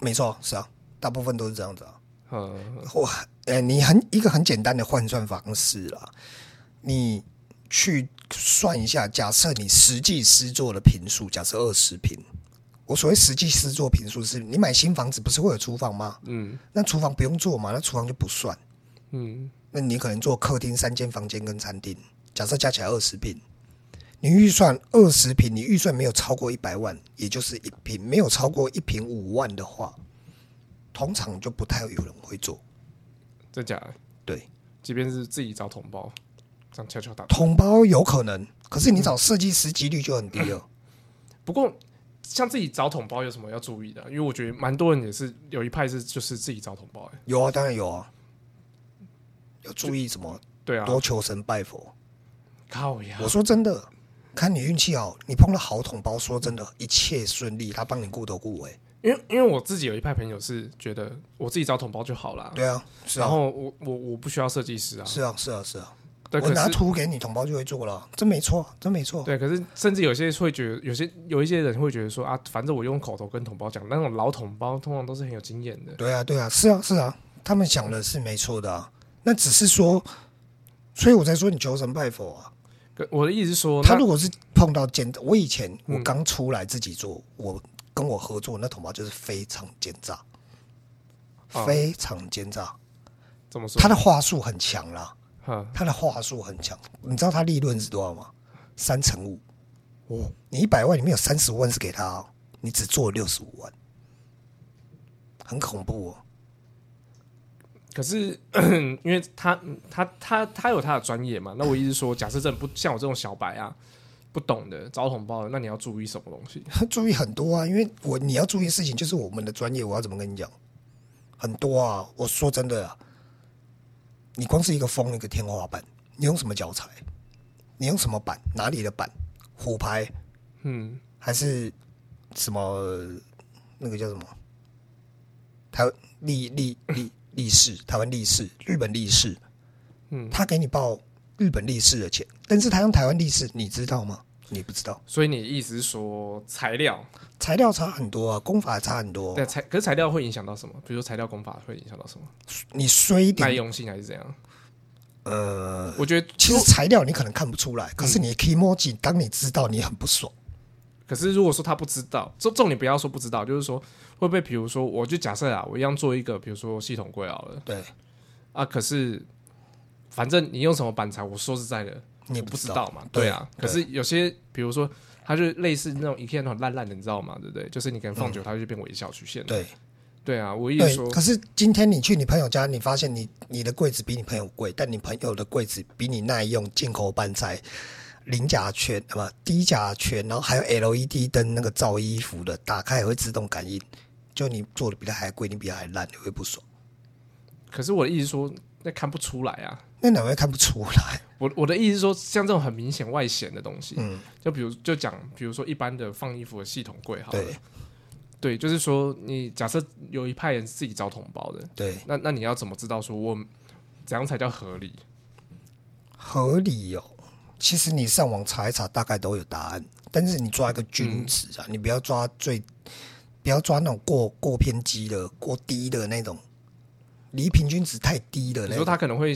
沒錯，是啊，大部分都是這樣子啊。呃，或，呃、欸，你很一個很簡單的換算方式啦，你去算一下，假設你實際施作的坪數，假設二十坪，我所謂實際施作坪數是，你買新房子不是會有廚房嗎？嗯，那廚房不用做嘛，那廚房就不算。嗯，那你可能做客廳、三間房間跟餐廳，假設加起來二十坪，你預算二十坪，你預算沒有超過一百萬，也就是一坪，沒有超過一坪五萬的話。通常就不太有人會做，真假？對，即便是自己找統包，這樣敲敲打。統包有可能，可是你找設計師幾率就很低了。嗯嗯。不過，像自己找統包有什麼要注意的？因為我覺得蠻多人也是有一派是就是自己找統包，欸。有啊，當然有啊，要注意什麼？對，對啊，多求神拜佛。靠呀！我說真的，看你運氣好，你碰到好統包，說真的，嗯、一切順利，他幫你顧頭顧尾。因為因為我自己有一派朋友是覺得我自己找統包就好了，對啊，是啊，然後我我我不需要設計師啊，是啊是啊是啊對，我拿圖給你統包就會做了，這沒錯這沒錯，對，可是甚至有些會覺得有些有一些人會覺得說啊，反正我用口頭跟統包講，那種老統包通常都是很有經驗的，對啊對啊是啊是啊，他們講的是沒錯的啊，那只是說，所以我才說你求神拜佛啊，我的意思是說，他如果是碰到簡，我以前我剛出來自己做我。嗯跟我合作那同胞就是非常奸詐、啊，非常奸詐。怎麼說？他的話術很強啦，他的話術很強。你知道他利潤是多少嗎？三成五。哦，你一百萬裡面有三十萬是給他、哦，你只做了六十五萬，很恐怖哦。可是，咳咳因為他他他他有他的專業嘛？那我一直說，假設這不像我這種小白啊。不懂的找統包的，那你要注意什麼東西？ *laughs* 注意很多啊，因為我你要注意的事情就是我們的專業，我要怎麼跟你講？很多啊，我說真的，啊。你光是一個封一個天花板，你用什麼教材？你用什麼板？哪裡的板？虎牌？嗯，還是什麼、呃、那個叫什麼？台立立立立式，台灣立式，日本立式？嗯，他給你報。日本歷史的錢，但是他用台灣歷史，你知道嗎？你不知道。所以你的意思是說，材料材料差很多啊，工法差很多、啊。對材可是材料會影響到什麼？比如說材料工法會影響到什麼？你衰一耐用性還是怎樣？呃，我覺得我其實材料你可能看不出來，嗯、可是你可以摸底，當你知道你很不爽。可是如果說他不知道，這重點你不要說不知道，就是說會不會？比如說，我就假設啊，我一樣做一個，比如說系統櫃好了對啊，可是。反正你用什麼板材，我說實在的，你也不知不知道嘛？對，對啊對，可是有些比如說，它就類似那種一片那種爛爛的，你知道嗎？對不對？就是你給它放久，嗯，它就會變微笑曲線出現對，對啊。我意思說，可是今天你去你朋友家，你發現你你的櫃子比你朋友貴，但你朋友的櫃子比你耐用，進口板材，零甲醛，啊麼低甲醛，然後還有 LED 燈那個照衣服的，打開也會自動感應，就你做的比他還貴，你比他還爛，你會不爽？可是我的意思說，那看不出來啊。那兩位看不出來？我我的意思是說，像這種很明顯外顯的東西，嗯，就比如就講，比如說一般的放衣服的系統櫃哈，對，對，就是說你假設有一派人自己找統包的，對，那那你要怎麼知道說，我怎樣才叫合理？合理哦、喔，其實你上網查一查，大概都有答案。但是你抓一個均值啊，你不要抓最，不要抓那種過過偏激的、過低的那種，離平均值太低的那種、嗯，你說他可能會。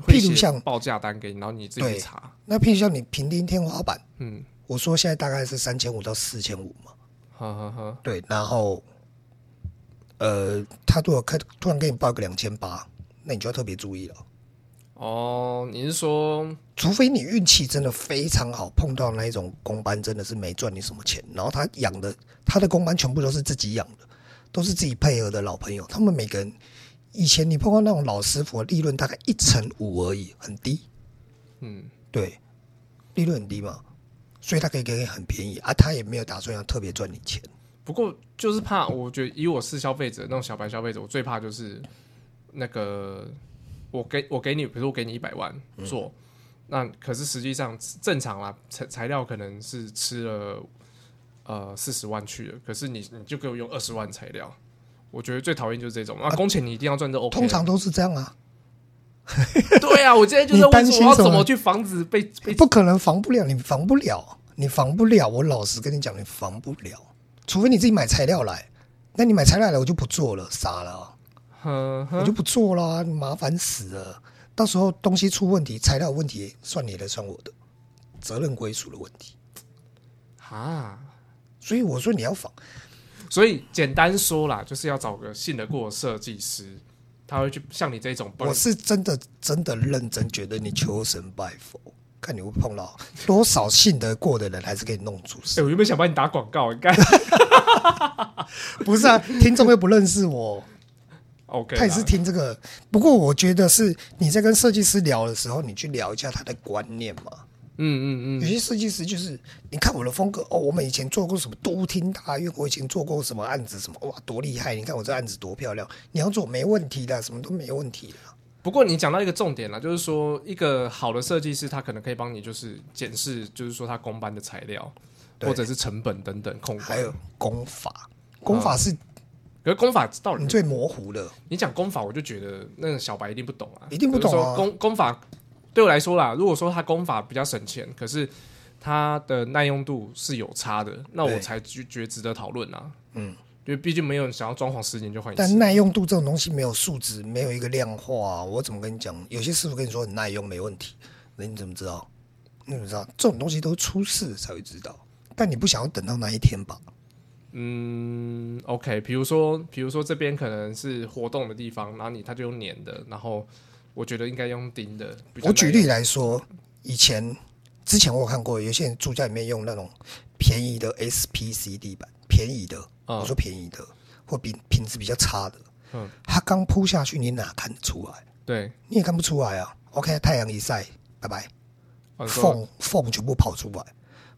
譬如像報價單給你，然後你自己查。那譬如像你平釘天花板，嗯，我說現在大概是三千五到四千五嘛，哈哈哈。對，然後，呃，他如果突然給你報個兩千八，那你就要特別注意了。哦，你是說，除非你運氣真的非常好，碰到那一種工班真的是沒賺你什麼錢，然後他養的他的工班全部都是自己養的，都是自己配合的老朋友，他們每個人。以前你碰到那種老師傅，利潤大概一成五而已，很低。嗯，對，利潤很低嘛，所以他可以給你很便宜，啊，他也沒有打算要特別賺你錢。不過就是怕，我覺得以我是消費者，那種小白消費者，我最怕就是那個我給我給你，比如說我給你一百萬做，嗯，那可是實際上正常啦，材材料可能是吃了呃四十萬去了，可是你你就給我用二十萬材料。我覺得最討厭就是這種啊！工錢你一定要賺到 OK、啊。通常都是這樣啊。 *laughs* 對啊，我今天就是擔心我要怎麼去防止被，被不可能防不，防不了，你防不了，你防不了。我老實跟你講，你防不了，除非你自己買材料來。那你買材料來，我就不做了，傻了，呵呵我就不做了，啊，麻煩死了。到時候東西出問題，材料問題，算你的，算我的，責任歸屬的問題哈，所以我說你要防。所以簡單說啦，就是要找個信得過設計師，他會去像你這種。我是真的真的認真覺得你求神拜佛，看你會碰到多少信得過的人，還是給你弄出事。哎、欸，我原本想幫你打廣告，應該。 *laughs* *laughs* 不是啊，聽眾又不認識我。OK，他也是聽這個。不過我覺得是你在跟設計師聊的時候，你去聊一下他的觀念嘛。嗯嗯嗯，有些設計師就是，你看我的風格哦，我們以前做過什麼，都聽他。因為我以前做過什麼案子，什麼哇，多厲害！你看我這案子多漂亮，你要做沒問題的，什麼都沒問題的。不過你講到一個重點了，就是說一個好的設計師，他可能可以幫你，就是檢視，就是說他工班的材料或者是成本等等控管。還有工法，工法是、嗯，可是工法到你最模糊的。你講工法，我就覺得那個小白一定不懂啊，一定不懂啊，工工法。對我來說啦，如果說它工法比較省錢，可是它的耐用度是有差的，那我才覺覺得值得討論啊。嗯，因為畢竟沒有人想要裝潢十年就換一次。但耐用度這種東西沒有數值，沒有一個量化啊，我怎麼跟你講？有些師傅跟你說很耐用沒問題，那你怎麼知道？你怎麼知道？這種東西都出事才會知道。但你不想要等到那一天吧？嗯，OK。比如說，比如說這邊可能是活動的地方，然後你他就用粘的，然後。我覺得應該用釘的。我舉例來說，以前之前我有看過，有些人住家裡面用那種便宜的 SPC 地板，便宜的，嗯、我說便宜的，或品品質比較差的，嗯，它剛鋪下去，你哪看得出來？對，你也看不出來啊。OK，太陽一曬，拜拜，縫縫全部跑出來，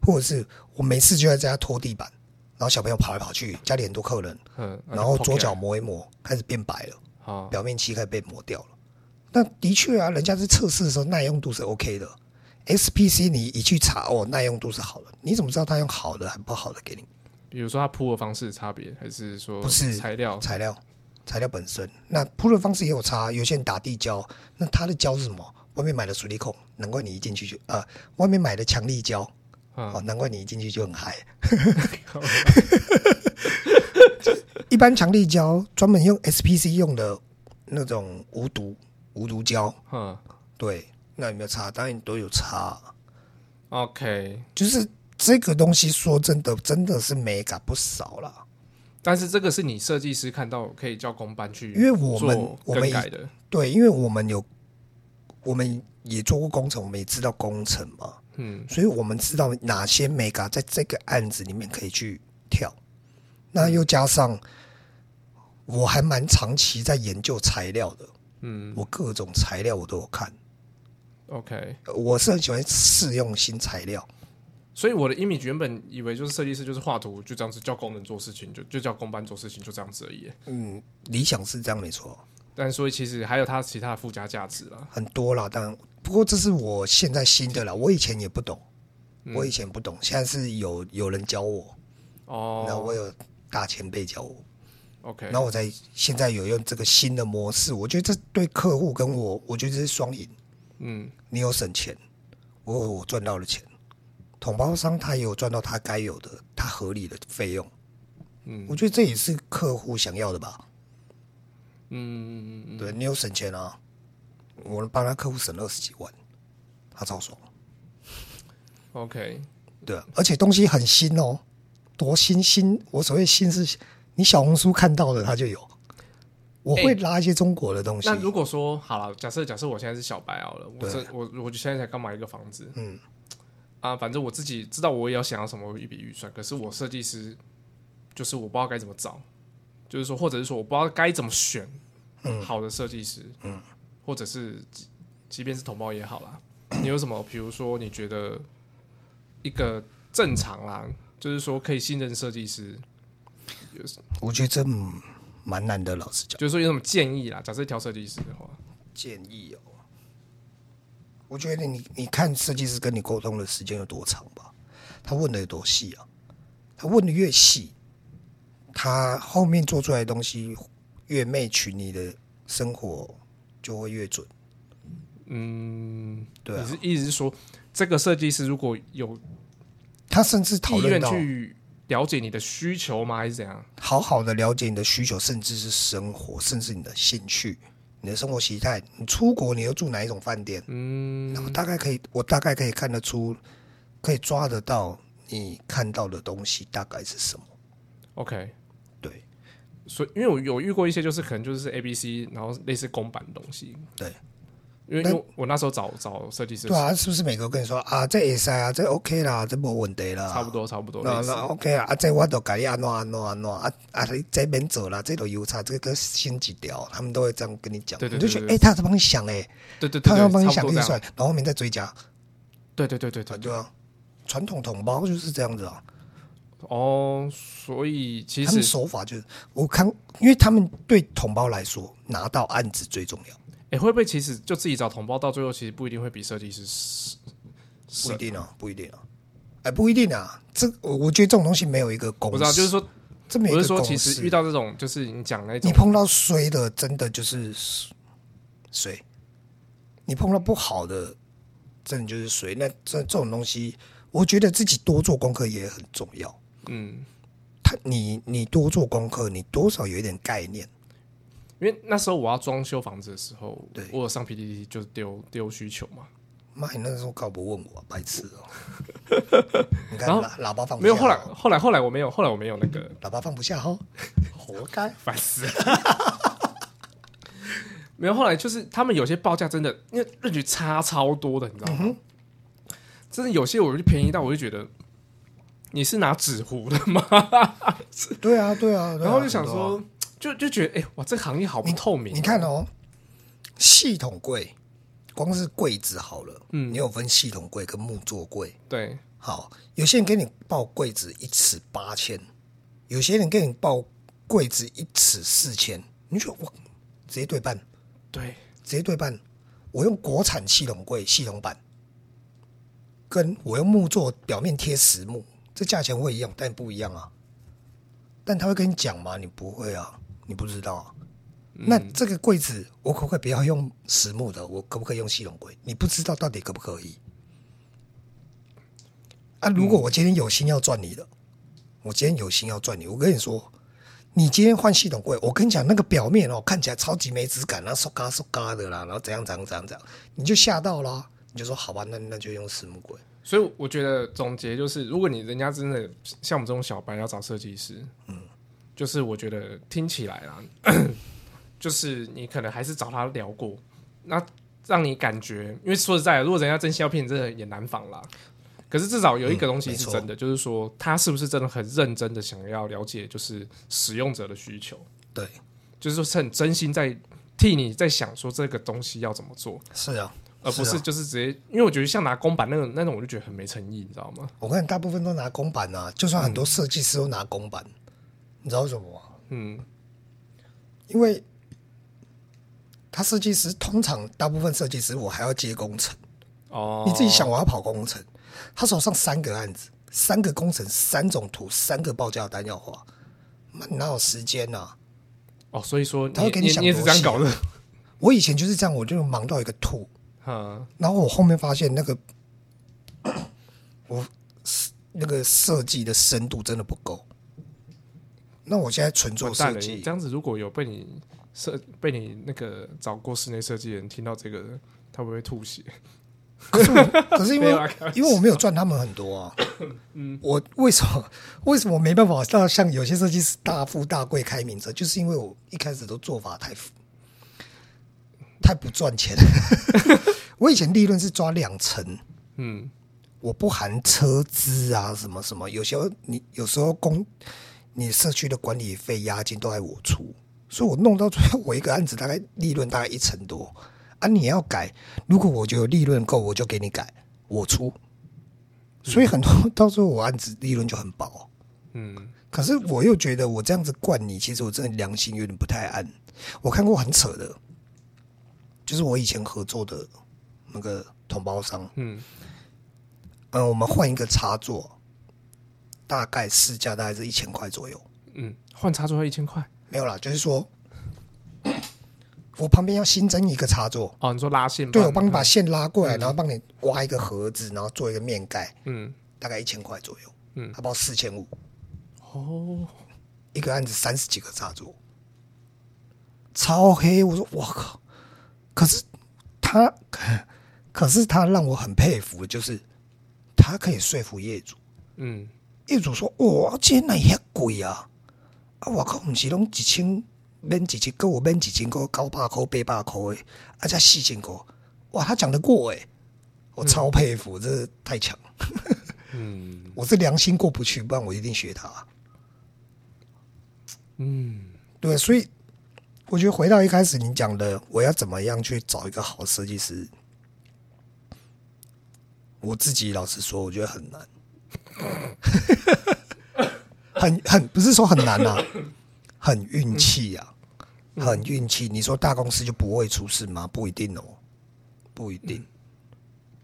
或者是我每次就在家拖地板，然後小朋友跑來跑去，家裡很多客人，嗯，嗯然後左腳磨一磨，、嗯嗯磨，一磨嗯，開始變白了，嗯、表面漆開始被磨掉了。那的確啊，人家在測試的時候耐用度是 OK 的。S P C 你一去查哦，耐用度是好的。你怎麼知道他用好的還是不好的給你？比如說他鋪的方式差別，還是說不是材料材料材料本身？那鋪的方式也有差。有些人打地膠，那他的膠是什麼？外面買的水泥孔，難怪你一進去就啊、呃。外面買的強力膠，啊、嗯哦，難怪你一進去就很嗨。 *laughs* *laughs* *laughs* *laughs* 一般強力膠專門用 S P C 用的那種無毒。無毒膠，嗯，對，那有沒有差？當然都有差啊。OK，就是這個東西說真的，真的是 Mega 不少啦。但是這個是你設計師看到可以叫工班去做的，因為我們我們改的，對，因為我們有我們也做過工程，我們也知道工程嘛，嗯，所以我們知道哪些 Mega 在這個案子裡面可以去跳。那又加上，我還蠻長期在研究材料的。嗯，我各種材料我都有看。OK，我是很喜歡試用新材料，所以我的 image 原本以為就是設計師就是畫圖就這樣子，叫工人做事情就就叫工班做事情就這樣子而已。嗯，理想是這樣沒錯，但所以其實還有它其他的附加價值啦，很多啦。當然，不過這是我現在新的啦，我以前也不懂、嗯，我以前不懂，現在是有有人教我哦，那我有大前輩教我。OK，那我在現在有用這個新的模式，我覺得這對客戶跟我，我覺得這是雙贏。嗯，你有省錢，我我賺到了錢，統包商他也有賺到他該有的，他合理的費用。嗯，我覺得這也是客戶想要的吧。嗯嗯嗯，對，你有省錢啊，我幫他客戶省了二十幾萬，他超爽。OK，對，而且東西很新哦，多新新，我所謂新是，你小紅書看到的，它就有。我會拉一些中國的東西。欸，那如果說好了，假設假設我現在是小白好了，我這我，我就現在才剛買一個房子。嗯，啊，反正我自己知道我也要想要什麼一筆預算，可是我設計師就是我不知道該怎麼找，就是說或者是說我不知道該怎麼選好的設計師。嗯，或者是即便是同胞也好了也好啦，你有什麼？比如說你覺得一個正常啊，就是說可以信任設計師。Yes. 我覺得這蠻難的，老實講，就是說有什麼建議啊？假設挑設計師的話，建議哦，我覺得你你看設計師跟你溝通的時間有多長吧，他問的有多細啊，他問的越細，他後面做出來的東西越媚取，你的生活就會越準。嗯，對啊，是意思是說，這個設計師如果有他甚至意願去，了解你的需求嗎？還是怎樣？好好的了解你的需求，甚至是生活，甚至你的興趣、你的生活習態。你出國，你要住哪一種飯店？嗯，然後大概可以，我大概可以看得出，可以抓得到你看到的東西大概是什麼。OK，對，所以因為我有遇過一些，就是可能就是 ABC，然後類似公版的東西，對。因為我那時候找找設計師，對啊，是不是每個跟你說啊，這也 I 啊，這 OK 啦，這沒問題啦。差不多差不多。那那 OK 啊，啊這我都改安怎安怎安怎啊啊這邊走啦，這頭有差，這個先擠掉，他們都會這樣跟你講，對對對對對，你就覺得哎、欸，他幫你想哎、欸，對對，對對，他怎麼幫你想，對，對，對他幫你想算。對，然後後面再追加，對對對對對、啊，對啊，傳統同胞就是這樣子啊。哦，所以其實他們手法就是我看，因為他們對同胞來說拿到案子最重要。你、欸、會不會其實就自己找統包？到最後其實不一定會比設計師，不一定啊，不一定啊，不一定啊。欸、定啊，這我我覺得這種東西沒有一個公司、啊，就是說這有個，不是說，其實遇到這種就是你講那種，你碰到衰的真的就是衰，你碰到不好的真的就是衰。那這這種東西，我覺得自己多做功課也很重要。嗯，他你你多做功課，你多少有一點概念。因為那時候我要裝修房子的時候，我有上 PDD 就是丟丟需求嘛。媽，你那個時候搞不問我，啊，白痴哦，喔。 *laughs* 然後喇叭放不下沒有？後來後來後來我沒有，後來我沒有那個、嗯、喇叭放不下哈，活該，煩死了。沒有後來就是他們有些報價真的，因為日舉差超多的，你知道嗎？嗯、真的有些我就便宜到我就覺得你是拿紙糊的嗎？ *laughs* 對啊，對啊，對，啊對啊，然後就想說。就就覺得，哎、欸，哇，這個行業好不透明啊。你，你看哦，系統櫃，光是櫃子好了，嗯，你有分系統櫃跟木作櫃，對。好，有些人給你報櫃子一尺八千，有些人給你報櫃子一尺四千，你說哇，我直接對半？對，直接對半。我用國產系統櫃系統板，跟我用木作表面貼實木，這價錢會一樣，但不一樣啊。但他會跟你講嗎？你不會啊。你不知道、啊，嗯，那這個櫃子我可不可以不要用實木的？我可不可以用系統櫃？你不知道到底可不可以？啊！如果我今天有心要賺你的、嗯，我今天有心要賺你，我跟你說，你今天換系統櫃，我跟你講那個表面哦、喔，看起來超級沒質感，然後嗖嘎嗖嘎的啦，然後怎樣怎樣怎樣怎樣，怎樣，你就嚇到了，你就說好吧，那那就用實木櫃。所以我覺得總結就是，如果你人家真的像我們這種小白要找設計師，嗯就是我覺得聽起來啦、啊，就是你可能還是找他聊過，那讓你感覺，因為說實在的，如果人家真心要騙你，真的也難防啦。可是至少有一個東西是真的，嗯、就是說他是不是真的很認真的想要了解，就是使用者的需求。對，就是說很真心在替你在想，說這個東西要怎麼做是、啊。是啊，而不是就是直接，因為我覺得像拿公版那種、個、那種，我就覺得很沒誠意，你知道嗎？我看大部分都拿公版啊，就算很多設計師都拿公版。嗯你知道為什麼嗎？啊？嗯，因為他設計師通常大部分設計師，我還要接工程哦。你自己想，我要跑工程，他手上三個案子，三個工程，三種圖，三個報價單要畫，那哪有時間啊？哦，所以說他會給你想你，你，你也是這樣搞的。 *laughs* 我以前就是這樣，我就忙到一個吐。嗯，然後我後面發現那個 *coughs* 我那個設計的深度真的不夠。那我現在純做設計，這樣子如果有被你設被你那個找過室內設計人聽到這個，他會不會吐血？可 *laughs* 是 *laughs* 可是因為因為我沒有賺他們很多啊。我為什麼為什麼沒辦法像像有些設計師大富大貴開名車，就是因為我一開始都做法太、太不賺錢。 *laughs* 我以前利潤是抓兩成，嗯，我不含車資啊什麼什麼。有時候你有時候工。你社區的管理費押金都還我出，所以我弄到最後我一個案子大概利潤大概一成多啊。你要改，如果我就有利潤夠，我就給你改，我出。所以很多到時候我案子利潤就很薄，嗯。可是我又覺得我這樣子慣你，其實我真的良心有點不太安。我看過很扯的，就是我以前合作的那個統包商，嗯，嗯，我們換一個插座。大概市價大概是一千塊左右。嗯，換插座要一千塊？沒有啦，就是說， *coughs* 我旁邊要新增一個插座。哦，你說拉線嗎？對，我幫你把線拉過來，嗯、然後幫你刮一個盒子，然後做一個面蓋。嗯，大概一千塊左右。嗯，他包四千五。哦，一個案子三十幾個插座，超黑！我說我靠。可是他，可是他讓我很佩服，就是他可以說服業主。嗯。業主說：“哇、哦，這哪樣貴啊？啊，我靠，不是攏一千，免幾千個，我免幾千個九百塊、八百塊的，啊，才四千個。哇，他講得過哎，我超佩服，這太強。嗯，這是 *laughs* 我是良心過不去，不然我一定學他。嗯，對，所以我覺得回到一開始你講的，我要怎麼樣去找一個好設計師？我自己老實說，我覺得很難。” *laughs* 很很，不是說很難啊，很運氣呀、啊，很運氣。你說大公司就不會出事嗎？不一定哦，不一定。嗯、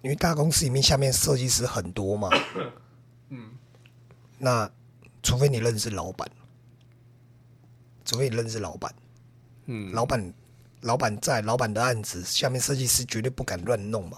因為大公司裡面下面設計師很多嘛，嗯。那除非你認識老闆，除非你認識老闆，嗯，老闆老闆在，老闆的案子下面設計師絕對不敢亂弄嘛。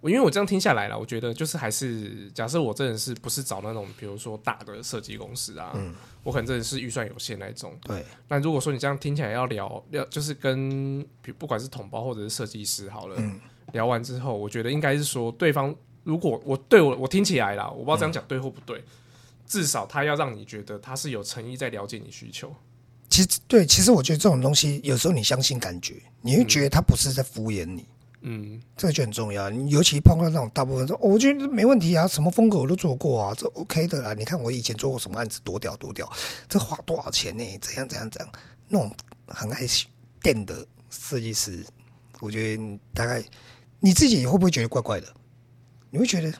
我因為我這樣聽下來了，我覺得就是還是假設我真的是不是找那種比如說大的設計公司啊，嗯，我可能真的是預算有限那種，對。但如果說你這樣聽起來要聊，要就是跟不管是統包或者是設計師好了，嗯，聊完之後，我覺得應該是說對方如果我對我我聽起來啦，我不知道這樣講對或不對，嗯，至少他要讓你覺得他是有誠意在了解你需求。其實對，其實我覺得這種東西有時候你相信感覺，你會覺得他不是在敷衍你。嗯，你嗯，這個就很重要，尤其碰到那種大部分說，哦、我覺得沒問題啊，什麼風格我都做過啊，這 OK 的啦。你看我以前做過什麼案子，多屌多屌，這花多少錢呢？欸，怎樣怎樣怎樣？那種很愛電的設計師，我覺得大概你自己也會不會覺得怪怪的？你會覺得？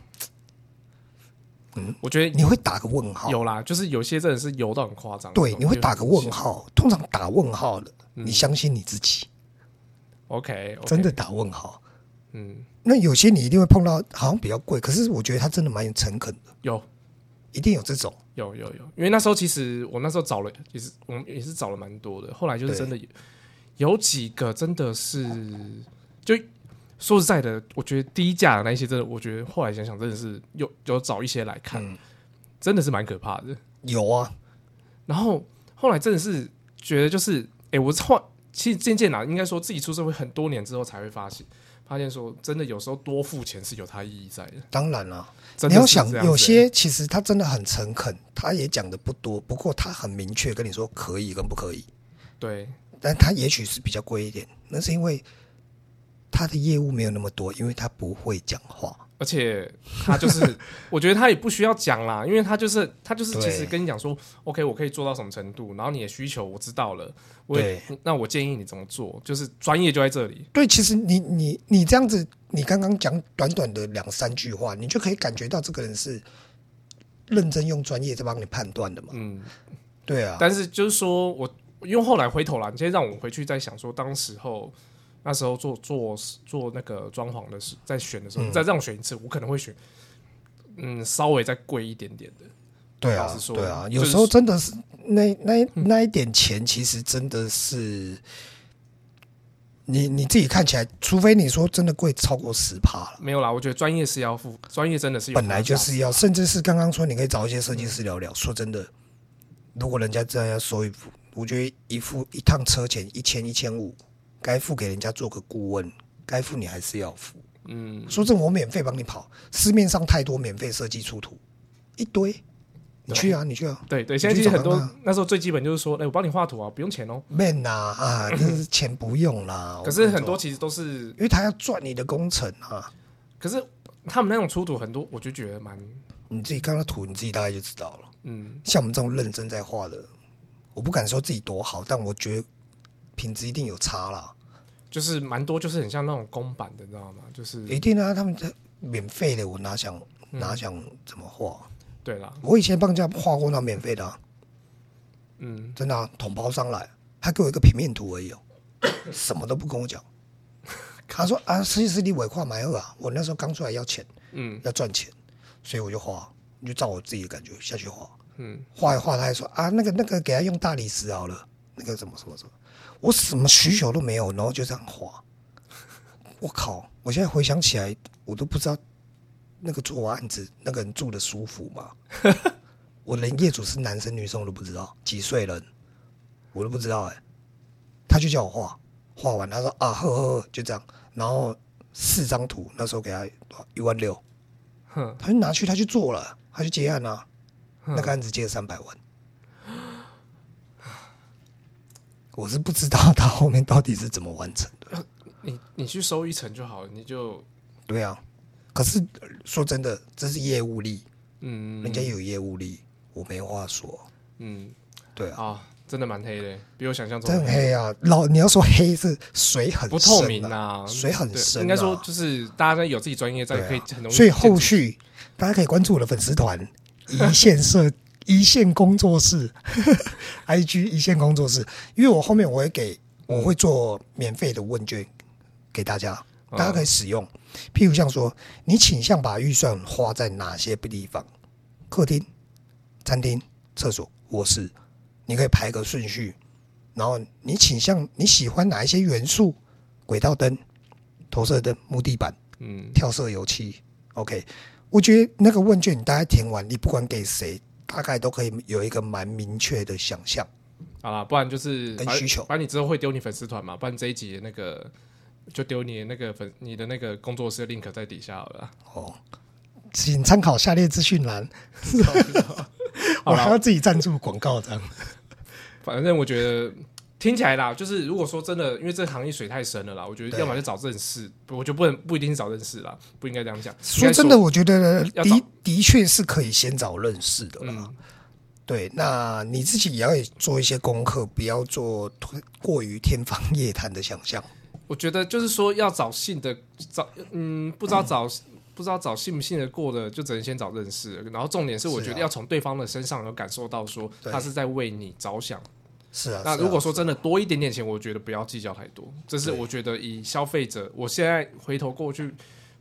嗯，我覺得你會打個問號。有啦，就是有些真的是油到很誇張。對，你會打個問號，嗯。通常打問號的，你相信你自己。Okay, OK，真的打問號，嗯，那有些你一定會碰到，好像比較貴，可是我覺得他真的蠻誠懇的，有，一定有這種，有有有，因為那時候其實我那時候找了，也是我們也是找了蠻多的，後來就是真的有，有幾個真的是，就說實在的，我覺得低價的那些真的，我覺得後來想想真的是有有找一些來看，嗯，真的是蠻可怕的，有啊，然後後來真的是覺得就是，哎，我錯。其實漸漸啊，應該說自己出社會很多年之後才會發現，發現說真的，有時候多付錢是有它意義在的。當然了，你要想有些其實他真的很誠懇，他也講的不多，不過他很明確跟你說可以跟不可以。對，但他也許是比較貴一點，那是因為他的業務沒有那麼多，因為他不會講話。而且他就是， *laughs* 我覺得他也不需要講啦，因為他就是他就是，其實跟你講說，OK，我可以做到什麼程度，然後你的需求我知道了，我也，對，那我建議你怎麼做，就是專業就在這裡。對，其實你你你這樣子，你剛剛講短短的兩三句話，你就可以感覺到這個人是認真用專業在幫你判斷的嘛。嗯，對啊。但是就是說我因為後來回頭了，你直接讓我回去再想說，當時候。那時候做做做那個裝潢的時，在選的時候，再、嗯、這樣選一次，我可能會選，嗯，稍微再貴一點點的。對啊，對啊，有時候真的是、就是、那那那一點錢，其實真的是、嗯、你你自己看起來，除非你說真的貴超過十趴了，沒有啦，我覺得專業是要付，專業真的是本來就是要，甚至是剛剛說你可以找一些設計師聊聊、嗯。說真的，如果人家這樣要收一付，我覺得一副一趟車錢一千一千五。1000, 1500, 該付給人家做個顧問，該付你還是要付。嗯，說真，我免費幫你跑。市面上太多免費設計出圖，一堆，你去啊，你去啊。對對、對、啊，現在其實很多那時候最基本就是說，哎、欸，我幫你畫圖啊，不用錢哦、喔。免吶啊，啊嗯、是錢不用啦。可是很多其實都是，因為他要賺你的工程啊。可是他們那種出圖很多，我就覺得蠻……你自己看到圖，你自己大概就知道了。嗯，像我們這種認真在畫的，我不敢說自己多好，但我覺得。品質一定有差了，就是蠻多，就是很像那種公版的，你知道嗎？就是一定啊，他們這免費的，我哪想哪想怎麼畫、啊嗯？對了，我以前幫人家畫過那免費的、啊，嗯，真的啊，統包上來，他給我一個平面圖而已、喔，哦、嗯，什麼都不跟我講。 *laughs* 他說啊，設計師你尾畫蠻二啊，我那時候剛出來要錢，嗯，要賺錢，所以我就畫，就照我自己的感覺下去畫，嗯，畫一畫，他還說啊，那個那個給他用大理石好了，那個什麼什麼什麼。我什麼需求都沒有，然後就這樣畫。我靠！我現在回想起來，我都不知道那個做完案子那個人住得舒服嗎？ *laughs* 我連業主是男生女生我都不知道，幾歲人我都不知道、欸。哎，他就叫我畫，畫完他說啊，呵呵，呵，就這樣。然後四張圖，那時候給他一萬六，他就拿去，他去做了，他去接案了，那個案子接了三百萬。我是不知道他後面到底是怎麼完成的。你你去收一層就好，你就對啊。可是說真的，這是業務力，嗯，人家有業務力，我沒話說。嗯，對啊，真的蠻黑的，比我想象中黑啊。老，你要說黑是水很不透明啊，水很深。應該說就是大家有自己專業在，可以很所以後續大家可以關注我的粉絲團壹現設計。壹現工作室 *laughs* ，IG 壹現工作室，因為我後面我會給，嗯、我會做免費的問卷給大家，嗯，大家可以使用。譬如像說，你傾向把預算花在哪些地方？客廳、餐廳、廁所、臥室，你可以排個順序。然後你傾向你喜歡哪一些元素？軌道燈、投射燈、木地板、嗯、跳色油漆。OK，我覺得那個問卷你大概填完，你不管給誰。大概都可以有一個蠻明確的想象好啦，不然就是跟需求，反正你之後會丟你粉絲團嘛？不然這一集那個就丟你那個粉，你的那個工作室的 link 在底下好了，啊。哦，請參考下列資訊欄。 *laughs* 我還要自己贊助廣告這樣 *laughs* ，反正我覺得。聽起來啦，就是如果說真的，因為這個行業水太深了啦，我覺得要麼就找認識，我就不能不一定是找認識啦，不應該這樣講。說真的，我覺得的的，的確是可以先找認識的啦。嗯、對，那你自己也要也做一些功課，不要做過於天方夜譚的想象。我覺得就是說要找信的，找嗯，不知道找、嗯、不知道找信不信得過的，就只能先找認識。然後重點是，我覺得要從對方的身上有感受到說是、啊、他是在為你着想。是啊，是啊，那如果說真的多一點點錢，啊啊、我覺得不要計較太多。這是我覺得以消費者，我現在回頭過去，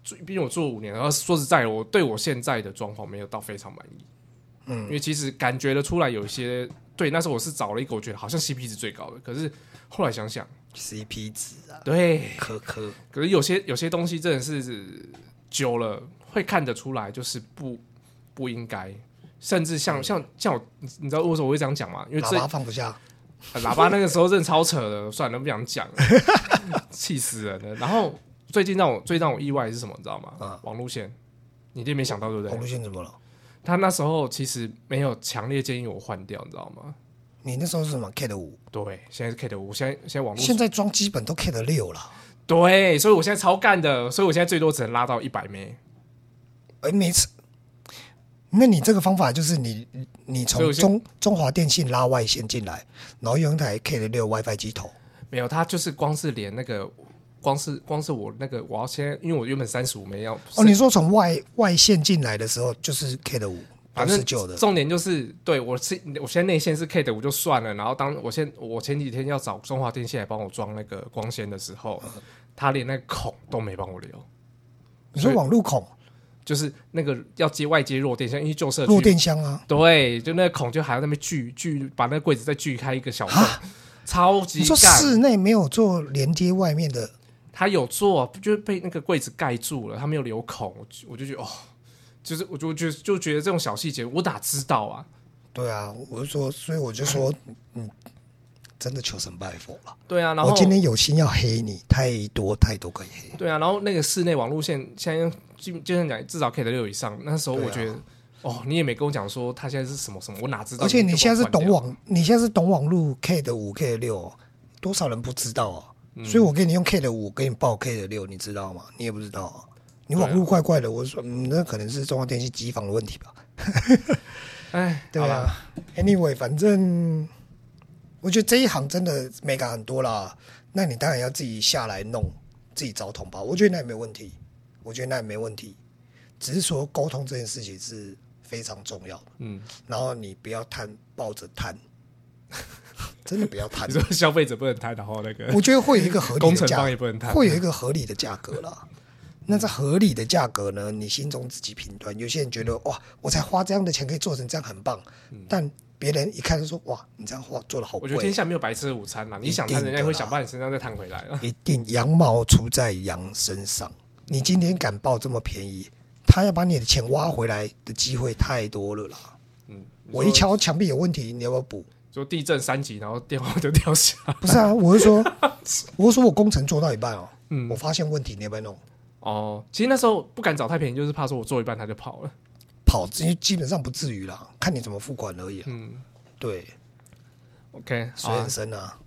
畢竟我做了五年，然後說實在，我對我現在的狀況沒有到非常滿意。嗯，因為其實感覺得出來，有些對那時候我是找了一個我覺得好像 CP 值最高的，可是後來想想 CP 值啊，對，可可，可是有些有些東西真的是久了會看得出來，就是不不應該，甚至像、嗯、像像我，你知道為什麼我會這樣講嗎？因為這老媽放不下。喇叭那個時候真的超扯的，算了都不想講，氣 *laughs* 死人了。然後最近讓我最讓我意外的是什麼，你知道嗎、啊？網路線，你一定沒想到對不對？網路線怎麼了？他那時候其實沒有強烈建議我換掉，你知道嗎？你那時候是什麼 K 的五？Cat5? 對，現在是 K 的五。現在現在網絡，現在裝基本都 K 的六了。對，所以我現在超幹的，所以我現在最多只能拉到一百枚。哎、欸，每次。那你這個方法就是你你從中中華電信拉外線進來，然後用一台 K 的六 WiFi 機頭。沒有，它就是光是連那個光是光是我那個我要先，因為我原本三十五沒要。哦，你說從外外線進來的時候就是 K 的五，反正舊的重點就是對我是我現在內線是 K 的五就算了，然後當我現我前幾天要找中華電信來幫我裝那個光纖的時候，他連那個孔都沒幫我留。你說網路孔？就是那個要接外接弱電箱，因為舊設弱電箱啊，對，就那個孔就還要那邊鋸鋸，把那個櫃子再鋸開一個小洞，超級幹。你說室內沒有做連接外面的，他有做，就是被那個櫃子蓋住了，他沒有留孔，我就我就覺得哦，就是我就就就覺得這種小細節，我哪知道啊？對啊，我就說，所以我就說，嗯，真的求神拜佛了。對啊，然後我今天有心要黑你，太多太多可以黑。對啊，然後那個室內網路線現在。就就像講，至少 K 的六以上，那時候我覺得，啊、哦，你也沒跟我講說他現在是什麼什麼，我哪知道？而且你現在是懂網，你現在是懂網絡 K 的五 K 的六，多少人不知道啊、嗯？所以我給你用 K 的五，給你報 K 的六，你知道嗎？你也不知道、啊，你網絡怪怪的。啊、我說、嗯，那可能是中華電信機房的問題吧？哎， *laughs* 對吧、啊、？Anyway，反正我覺得這一行真的美感很多啦，那你當然要自己下來弄，自己找統包，我覺得那也沒有問題。我覺得那也沒問題，只是說溝通這件事情是非常重要的。嗯，然後你不要貪，抱着貪，真的不要貪。你說消費者不能貪，然後那個，我覺得會有一個合理的價格，會有一個合理的價格啦、嗯。那這合理的價格呢？你心中自己評斷。有些人覺得哇，我才花這樣的錢可以做成這樣，很棒、嗯。但別人一看就說哇，你這樣做得好貴。我覺得天下沒有白吃的午餐嘛，你想貪，人家會想把你身上再貪回來。一定，一定羊毛出在羊身上。你今天敢報這麼便宜，他要把你的錢挖回來的機會太多了啦。嗯、我一敲牆壁有問題，你要不要補？說地震三級，然後電話就掉下來。不是啊，我是說， *laughs* 我是說我工程做到一半哦、嗯，我發現問題，你要不要弄？哦，其實那時候不敢找太便宜，就是怕說我做一半他就跑了。跑基基本上不至於啦，看你怎麼付款而已、啊。嗯，對。OK，水很深、啊。啊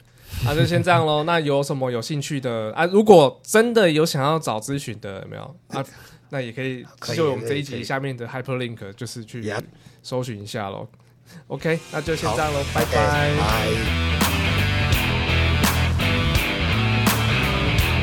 那、 *laughs* 啊、就先這樣咯。那有什麼有興趣的啊？如果真的有想要找諮詢的，有沒有啊？那也可以就用我們這一集下面的 hyperlink，就是去搜尋一下咯。OK，那就先這樣咯。拜拜。Okay,